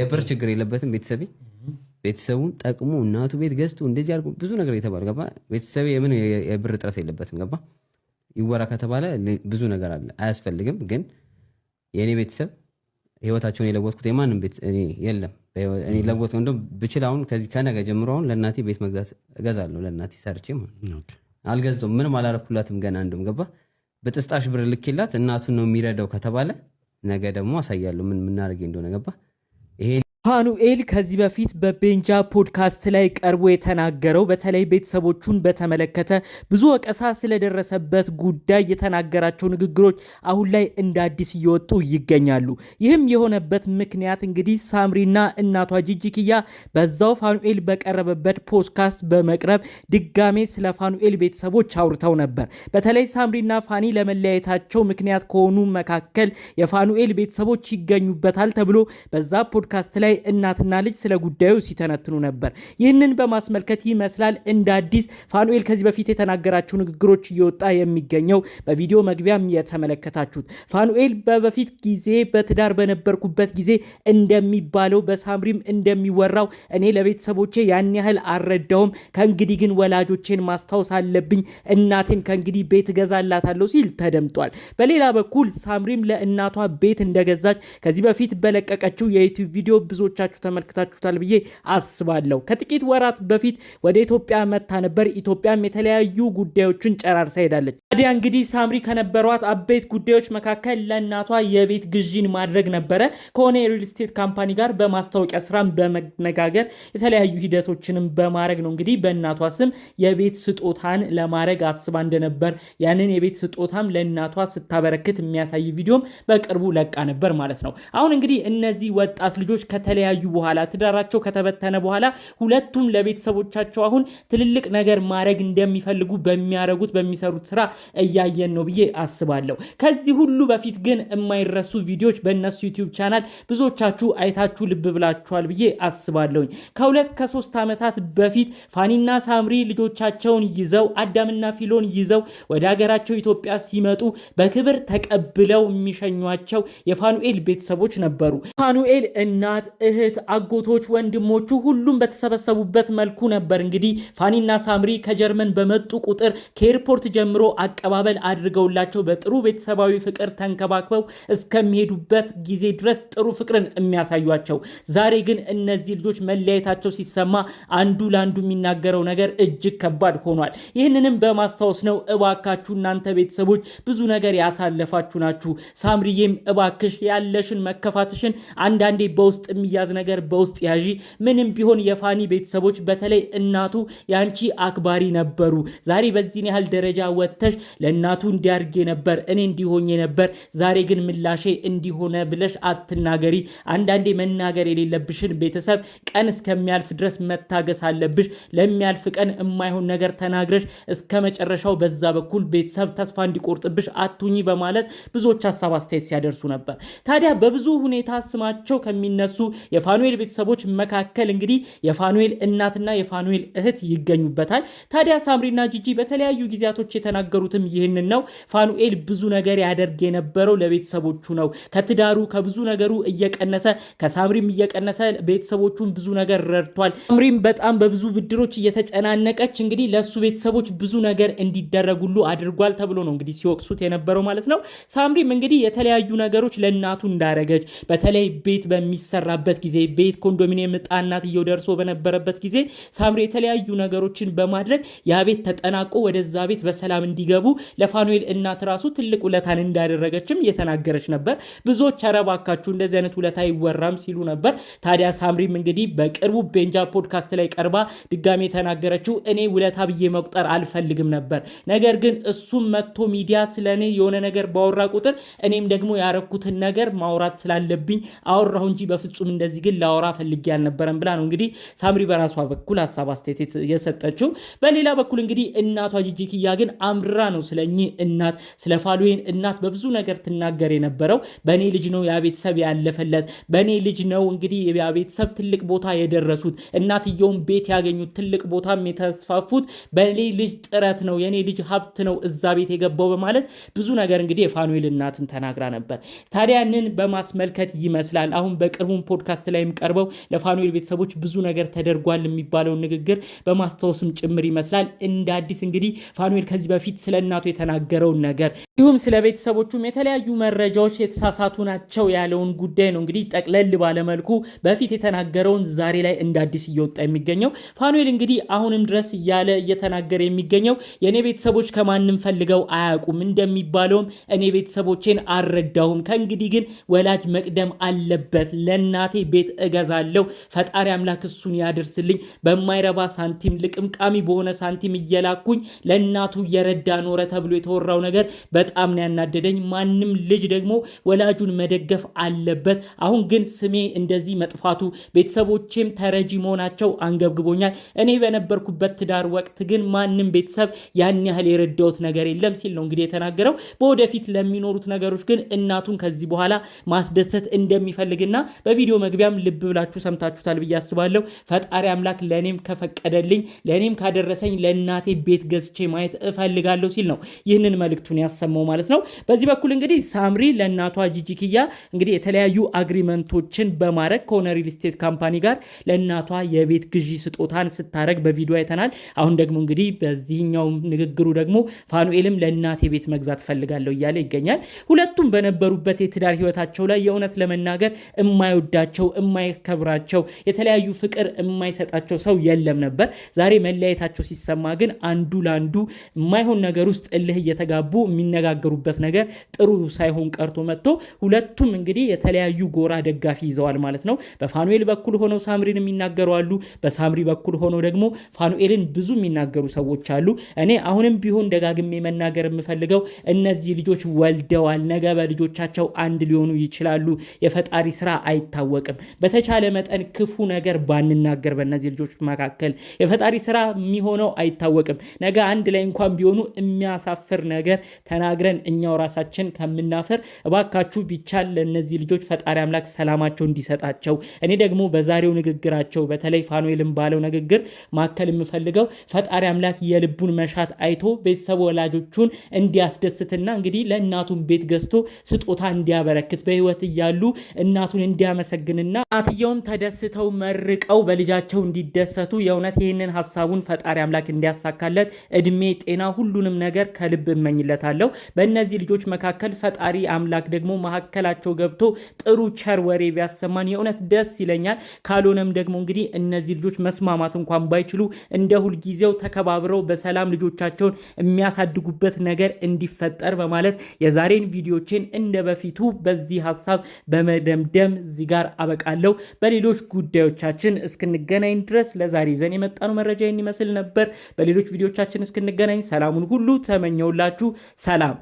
የብር ችግር የለበትም። ቤተሰቤ ቤተሰቡን ጠቅሞ እናቱ ቤት ገዝቶ እንደዚህ አድርጎ ብዙ ነገር የተባለ ገባ። ቤተሰቤ የምን የብር እጥረት የለበትም። ገባ። ይወራ ከተባለ ብዙ ነገር አለ፣ አያስፈልግም። ግን የእኔ ቤተሰብ ህይወታቸውን የለወጥኩት የማንም ቤት እኔ የለም እኔ ለወጥ ብችል አሁን ከዚህ ከነገ ጀምሮ አሁን ለእናቴ ቤት መግዛት እገዛለሁ። ለእናቴ ሰርቼ አልገዛውም፣ ምንም አላረኩላትም ገና። እንደውም ገባ በጥስጣሽ ብር ልኬላት እናቱን ነው የሚረዳው ከተባለ ነገ ደግሞ አሳያለሁ ምን ምናደርጌ እንደሆነ ገባ ይሄ ፋኑኤል ከዚህ በፊት በቤንጃ ፖድካስት ላይ ቀርቦ የተናገረው በተለይ ቤተሰቦቹን በተመለከተ ብዙ ወቀሳ ስለደረሰበት ጉዳይ የተናገራቸው ንግግሮች አሁን ላይ እንደ አዲስ እየወጡ ይገኛሉ። ይህም የሆነበት ምክንያት እንግዲህ ሳምሪና እናቷ ጂጂክያ በዛው ፋኑኤል በቀረበበት ፖድካስት በመቅረብ ድጋሜ ስለ ፋኑኤል ቤተሰቦች አውርተው ነበር። በተለይ ሳምሪና ፋኒ ለመለያየታቸው ምክንያት ከሆኑ መካከል የፋኑኤል ቤተሰቦች ይገኙበታል ተብሎ በዛ ፖድካስት ላይ ላይ እናትና ልጅ ስለ ጉዳዩ ሲተነትኑ ነበር። ይህንን በማስመልከት ይመስላል እንደ አዲስ ፋኑኤል ከዚህ በፊት የተናገራቸው ንግግሮች እየወጣ የሚገኘው በቪዲዮ መግቢያም የተመለከታችሁት ፋኑኤል በበፊት ጊዜ በትዳር በነበርኩበት ጊዜ እንደሚባለው በሳምሪም እንደሚወራው እኔ ለቤተሰቦቼ ያን ያህል አልረዳውም። ከእንግዲህ ግን ወላጆቼን ማስታወስ አለብኝ፣ እናቴን ከእንግዲህ ቤት እገዛላታለሁ ሲል ተደምጧል። በሌላ በኩል ሳምሪም ለእናቷ ቤት እንደገዛች ከዚህ በፊት በለቀቀችው የዩቲዩብ ቪዲዮ ብዙ ብዙዎቻችሁ ተመልክታችሁታል ብዬ አስባለሁ። ከጥቂት ወራት በፊት ወደ ኢትዮጵያ መታ ነበር። ኢትዮጵያም የተለያዩ ጉዳዮችን ጨራርሳ ሄዳለች። ታዲያ እንግዲህ ሳምሪ ከነበሯት አበይት ጉዳዮች መካከል ለእናቷ የቤት ግዢን ማድረግ ነበረ። ከሆነ የሪል ስቴት ካምፓኒ ጋር በማስታወቂያ ስራም በመነጋገር የተለያዩ ሂደቶችንም በማድረግ ነው እንግዲህ በእናቷ ስም የቤት ስጦታን ለማድረግ አስባ እንደነበር ያንን የቤት ስጦታም ለእናቷ ስታበረክት የሚያሳይ ቪዲዮም በቅርቡ ለቃ ነበር ማለት ነው። አሁን እንግዲህ እነዚህ ወጣት ልጆች ከተ ከተለያዩ በኋላ ትዳራቸው ከተበተነ በኋላ ሁለቱም ለቤተሰቦቻቸው አሁን ትልልቅ ነገር ማድረግ እንደሚፈልጉ በሚያረጉት በሚሰሩት ስራ እያየን ነው ብዬ አስባለሁ። ከዚህ ሁሉ በፊት ግን የማይረሱ ቪዲዮዎች በእነሱ ዩቲዩብ ቻናል ብዙዎቻችሁ አይታችሁ ልብ ብላችኋል ብዬ አስባለሁኝ። ከሁለት ከሶስት ዓመታት በፊት ፋኒና ሳምሪ ልጆቻቸውን ይዘው አዳምና ፊሎን ይዘው ወደ ሀገራቸው ኢትዮጵያ ሲመጡ በክብር ተቀብለው የሚሸኟቸው የፋኑኤል ቤተሰቦች ነበሩ። ፋኑኤል እናት እህት፣ አጎቶች፣ ወንድሞቹ ሁሉም በተሰበሰቡበት መልኩ ነበር እንግዲህ ፋኒና ሳምሪ ከጀርመን በመጡ ቁጥር ከኤርፖርት ጀምሮ አቀባበል አድርገውላቸው በጥሩ ቤተሰባዊ ፍቅር ተንከባክበው እስከሚሄዱበት ጊዜ ድረስ ጥሩ ፍቅርን የሚያሳዩቸው። ዛሬ ግን እነዚህ ልጆች መለያየታቸው ሲሰማ አንዱ ለአንዱ የሚናገረው ነገር እጅግ ከባድ ሆኗል። ይህንንም በማስታወስ ነው እባካችሁ እናንተ ቤተሰቦች ብዙ ነገር ያሳለፋችሁ ናችሁ። ሳምሪዬም እባክሽ ያለሽን መከፋትሽን አንዳንዴ በውስጥ የሚያዝ ነገር በውስጥ ያዢ። ምንም ቢሆን የፋኒ ቤተሰቦች በተለይ እናቱ የአንቺ አክባሪ ነበሩ። ዛሬ በዚህን ያህል ደረጃ ወጥተሽ ለእናቱ እንዲያርጌ ነበር እኔ እንዲሆኜ ነበር፣ ዛሬ ግን ምላሼ እንዲሆነ ብለሽ አትናገሪ። አንዳንዴ መናገር የሌለብሽን ቤተሰብ ቀን እስከሚያልፍ ድረስ መታገስ አለብሽ። ለሚያልፍ ቀን የማይሆን ነገር ተናግረሽ እስከ መጨረሻው በዛ በኩል ቤተሰብ ተስፋ እንዲቆርጥብሽ አትሁኚ በማለት ብዙዎች ሀሳብ አስተያየት ሲያደርሱ ነበር። ታዲያ በብዙ ሁኔታ ስማቸው ከሚነሱ የፋኑኤል ቤተሰቦች መካከል እንግዲህ የፋኑኤል እናትና የፋኑኤል እህት ይገኙበታል። ታዲያ ሳምሪና ጂጂ በተለያዩ ጊዜያቶች የተናገሩትም ይህንን ነው። ፋኑኤል ብዙ ነገር ያደርግ የነበረው ለቤተሰቦቹ ነው። ከትዳሩ ከብዙ ነገሩ እየቀነሰ ከሳምሪም እየቀነሰ ቤተሰቦቹን ብዙ ነገር ረድቷል። ሳምሪም በጣም በብዙ ብድሮች እየተጨናነቀች እንግዲህ ለእሱ ቤተሰቦች ብዙ ነገር እንዲደረጉሉ አድርጓል ተብሎ ነው እንግዲህ ሲወቅሱት የነበረው ማለት ነው። ሳምሪም እንግዲህ የተለያዩ ነገሮች ለእናቱ እንዳረገች በተለይ ቤት በሚሰራበት በነበረበት ጊዜ ቤት ኮንዶሚኒየም ዕጣ እናትየው ደርሶ በነበረበት ጊዜ ሳምሪ የተለያዩ ነገሮችን በማድረግ ያ ቤት ተጠናቆ ወደዛ ቤት በሰላም እንዲገቡ ለፋኑኤል እናት ራሱ ትልቅ ውለታን እንዳደረገችም እየተናገረች ነበር። ብዙዎች አረባካችሁ እንደዚህ አይነት ውለታ አይወራም ሲሉ ነበር። ታዲያ ሳምሪም እንግዲህ በቅርቡ ቤንጃ ፖድካስት ላይ ቀርባ ድጋሚ የተናገረችው እኔ ውለታ ብዬ መቁጠር አልፈልግም ነበር፣ ነገር ግን እሱም መጥቶ ሚዲያ ስለ እኔ የሆነ ነገር ባወራ ቁጥር እኔም ደግሞ ያረኩትን ነገር ማውራት ስላለብኝ አወራሁ እንጂ በፍጹም እንደዚህ ግን ላወራ ፈልጌ አልነበረም ብላ ነው እንግዲህ ሳምሪ በራሷ በኩል ሀሳብ አስተያየት የሰጠችው። በሌላ በኩል እንግዲህ እናቷ ጂጂኪያ ግን አምራ ነው ስለኝ እናት ስለ ፋሉዌን እናት በብዙ ነገር ትናገር የነበረው በእኔ ልጅ ነው ያ ቤተሰብ ያለፈለት፣ በእኔ ልጅ ነው እንግዲህ ያ ቤተሰብ ትልቅ ቦታ የደረሱት፣ እናትየውን ቤት ያገኙት፣ ትልቅ ቦታም የተስፋፉት በእኔ ልጅ ጥረት ነው፣ የእኔ ልጅ ሀብት ነው እዛ ቤት የገባው በማለት ብዙ ነገር እንግዲህ የፋኑኤል እናትን ተናግራ ነበር። ታዲያንን በማስመልከት ይመስላል አሁን በቅርቡን ፖድካስት ላይም ቀርበው ለፋኑኤል ቤተሰቦች ብዙ ነገር ተደርጓል የሚባለውን ንግግር በማስታወስም ጭምር ይመስላል። እንደ አዲስ እንግዲህ ፋኑኤል ከዚህ በፊት ስለ እናቱ የተናገረውን ነገር እንዲሁም ስለ ቤተሰቦቹም የተለያዩ መረጃዎች የተሳሳቱ ናቸው ያለውን ጉዳይ ነው እንግዲህ ጠቅለል ባለመልኩ በፊት የተናገረውን ዛሬ ላይ እንደ አዲስ እየወጣ የሚገኘው ፋኑኤል እንግዲህ አሁንም ድረስ እያለ እየተናገረ የሚገኘው የእኔ ቤተሰቦች ከማንም ፈልገው አያውቁም እንደሚባለውም እኔ ቤተሰቦቼን አልረዳሁም፣ ከእንግዲህ ግን ወላጅ መቅደም አለበት ለና ለእናቴ ቤት እገዛለሁ። ፈጣሪ አምላክ እሱን ያደርስልኝ። በማይረባ ሳንቲም ልቅምቃሚ በሆነ ሳንቲም እየላኩኝ ለእናቱ እየረዳ ኖረ ተብሎ የተወራው ነገር በጣም ነው ያናደደኝ። ማንም ልጅ ደግሞ ወላጁን መደገፍ አለበት። አሁን ግን ስሜ እንደዚህ መጥፋቱ ቤተሰቦቼም ተረጂ መሆናቸው አንገብግቦኛል። እኔ በነበርኩበት ትዳር ወቅት ግን ማንም ቤተሰብ ያን ያህል የረዳሁት ነገር የለም ሲል ነው እንግዲህ የተናገረው። በወደፊት ለሚኖሩት ነገሮች ግን እናቱን ከዚህ በኋላ ማስደሰት እንደሚፈልግና በቪዲዮ መግቢያም ልብ ብላችሁ ሰምታችሁታል ብዬ አስባለሁ። ፈጣሪ አምላክ ለእኔም ከፈቀደልኝ ለእኔም ካደረሰኝ ለእናቴ ቤት ገዝቼ ማየት እፈልጋለሁ ሲል ነው ይህንን መልእክቱን ያሰማው ማለት ነው። በዚህ በኩል እንግዲህ ሳምሪ ለእናቷ ጂጂክያ እንግዲህ የተለያዩ አግሪመንቶችን በማድረግ ከሆነ ሪል ስቴት ካምፓኒ ጋር ለእናቷ የቤት ግዢ ስጦታን ስታደረግ በቪዲዮ አይተናል። አሁን ደግሞ እንግዲህ በዚህኛው ንግግሩ ደግሞ ፋኑኤልም ለእናቴ ቤት መግዛት ፈልጋለሁ እያለ ይገኛል። ሁለቱም በነበሩበት የትዳር ህይወታቸው ላይ የእውነት ለመናገር የማይወዳ የማይወዳቸው የማይከብራቸው የተለያዩ ፍቅር የማይሰጣቸው ሰው የለም ነበር። ዛሬ መለያየታቸው ሲሰማ ግን አንዱ ለአንዱ የማይሆን ነገር ውስጥ እልህ እየተጋቡ የሚነጋገሩበት ነገር ጥሩ ሳይሆን ቀርቶ መጥቶ ሁለቱም እንግዲህ የተለያዩ ጎራ ደጋፊ ይዘዋል ማለት ነው። በፋኑኤል በኩል ሆነው ሳምሪን የሚናገሩ አሉ። በሳምሪ በኩል ሆነው ደግሞ ፋኑኤልን ብዙ የሚናገሩ ሰዎች አሉ። እኔ አሁንም ቢሆን ደጋግሜ መናገር የምፈልገው እነዚህ ልጆች ወልደዋል። ነገ በልጆቻቸው አንድ ሊሆኑ ይችላሉ። የፈጣሪ ስራ አይታወቅም። አይታወቅም። በተቻለ መጠን ክፉ ነገር ባንናገር በእነዚህ ልጆች መካከል የፈጣሪ ስራ የሚሆነው አይታወቅም። ነገ አንድ ላይ እንኳን ቢሆኑ የሚያሳፍር ነገር ተናግረን እኛው ራሳችን ከምናፈር እባካችሁ ቢቻል ለእነዚህ ልጆች ፈጣሪ አምላክ ሰላማቸው እንዲሰጣቸው። እኔ ደግሞ በዛሬው ንግግራቸው በተለይ ፋኑኤልን ባለው ንግግር ማከል የምፈልገው ፈጣሪ አምላክ የልቡን መሻት አይቶ ቤተሰብ ወላጆቹን እንዲያስደስትና እንግዲህ ለእናቱን ቤት ገዝቶ ስጦታ እንዲያበረክት በህይወት እያሉ እናቱን እንዲያመሰግ ግንና አትየውም ተደስተው መርቀው በልጃቸው እንዲደሰቱ የእውነት ይህንን ሀሳቡን ፈጣሪ አምላክ እንዲያሳካለት እድሜ፣ ጤና፣ ሁሉንም ነገር ከልብ እመኝለታለሁ። በእነዚህ ልጆች መካከል ፈጣሪ አምላክ ደግሞ መካከላቸው ገብቶ ጥሩ ቸር ወሬ ቢያሰማን የእውነት ደስ ይለኛል። ካልሆነም ደግሞ እንግዲህ እነዚህ ልጆች መስማማት እንኳን ባይችሉ እንደ ሁልጊዜው ተከባብረው በሰላም ልጆቻቸውን የሚያሳድጉበት ነገር እንዲፈጠር በማለት የዛሬን ቪዲዮችን እንደ በፊቱ በዚህ ሀሳብ በመደምደም እዚህ ጋር አበቃለሁ። በሌሎች ጉዳዮቻችን እስክንገናኝ ድረስ ለዛሬ ይዘን የመጣነው መረጃ ይህን ይመስል ነበር። በሌሎች ቪዲዮቻችን እስክንገናኝ ሰላሙን ሁሉ ተመኘውላችሁ። ሰላም